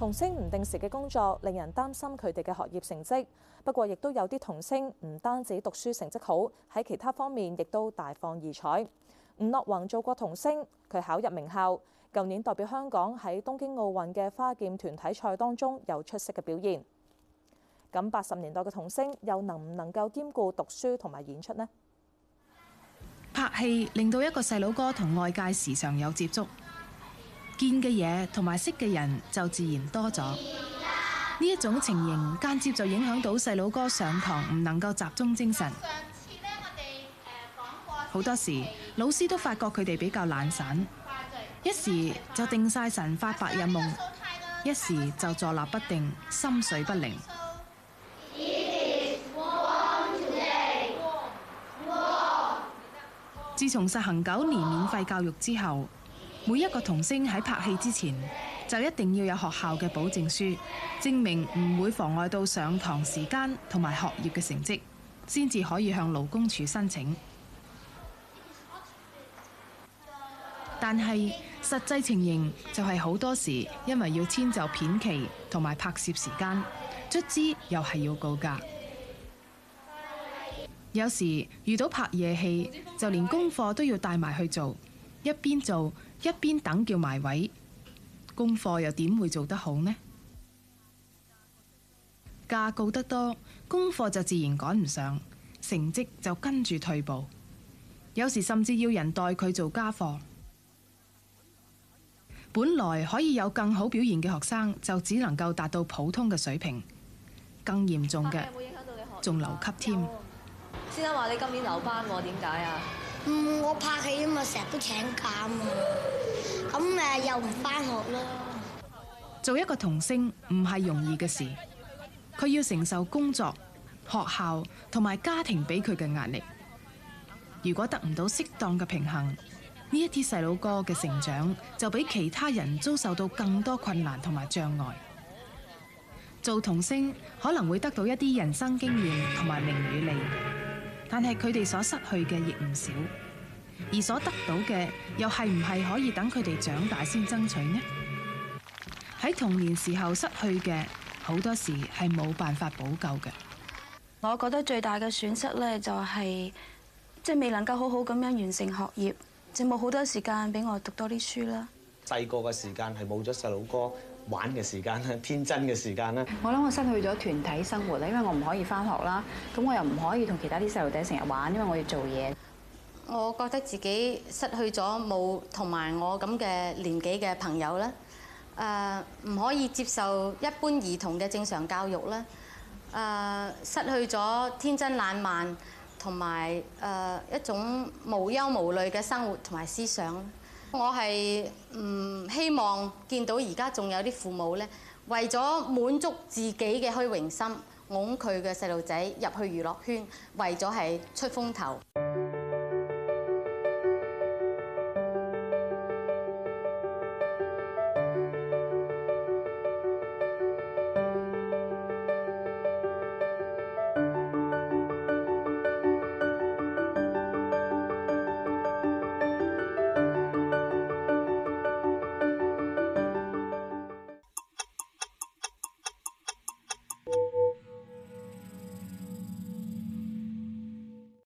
童星唔定時嘅工作令人擔心佢哋嘅學業成績，不過亦都有啲童星唔單止讀書成績好，喺其他方面亦都大放異彩。吳諾弘做過童星，佢考入名校，舊年代表香港喺東京奧運嘅花劍團體賽當中有出色嘅表現。咁八十年代嘅童星又能唔能夠兼顧讀書同埋演出呢？拍戲令到一個細佬哥同外界時常有接觸。見嘅嘢同埋識嘅人就自然多咗，呢一種情形間接就影響到細佬哥上堂唔能夠集中精神。好多時老師都發覺佢哋比較懶散，一時就定晒神發白日夢，一時就坐立不定，心緒不寧。自從實行九年免費教育之後。每一個童星喺拍戲之前，就一定要有學校嘅保證書，證明唔會妨礙到上堂時間同埋學業嘅成績，先至可以向勞工處申請。但係實際情形就係好多時，因為要遷就片期同埋拍攝時間，卒之又係要告假。有時遇到拍夜戲，就連功課都要帶埋去做。一邊做一邊等叫埋位，功課又點會做得好呢？假告得多，功課就自然趕唔上，成績就跟住退步。有時甚至要人代佢做家課。本來可以有更好表現嘅學生，就只能夠達到普通嘅水平。更嚴重嘅，仲留級添。有先生話你今年留班，點解啊？我拍戲啊嘛，成日都請假嘛，咁、嗯、咪又唔翻學咯。做一個童星唔係容易嘅事，佢要承受工作、學校同埋家庭俾佢嘅壓力。如果得唔到適當嘅平衡，呢一啲細路哥嘅成長就比其他人遭受到更多困難同埋障礙。做童星可能會得到一啲人生經驗同埋名與利。但係佢哋所失去嘅亦唔少，而所得到嘅又係唔係可以等佢哋長大先爭取呢？喺童年時候失去嘅好多時係冇辦法補救嘅。我覺得最大嘅損失咧，就係，就係即係未能夠好好咁樣完成學業，就冇好多時間俾我讀多啲書啦。細個嘅時間係冇咗細路哥玩嘅時間啦，天真嘅時間啦。我諗我失去咗團體生活啦，因為我唔可以返學啦，咁我又唔可以同其他啲細路仔成日玩，因為我要做嘢。我覺得自己失去咗冇同埋我咁嘅年紀嘅朋友啦。誒，唔可以接受一般兒童嘅正常教育啦。誒，失去咗天真爛漫同埋誒一種無憂無慮嘅生活同埋思想。我係唔希望見到而家仲有啲父母咧，為咗滿足自己嘅虛榮心，㧬佢嘅細路仔入去娛樂圈，為咗係出風頭。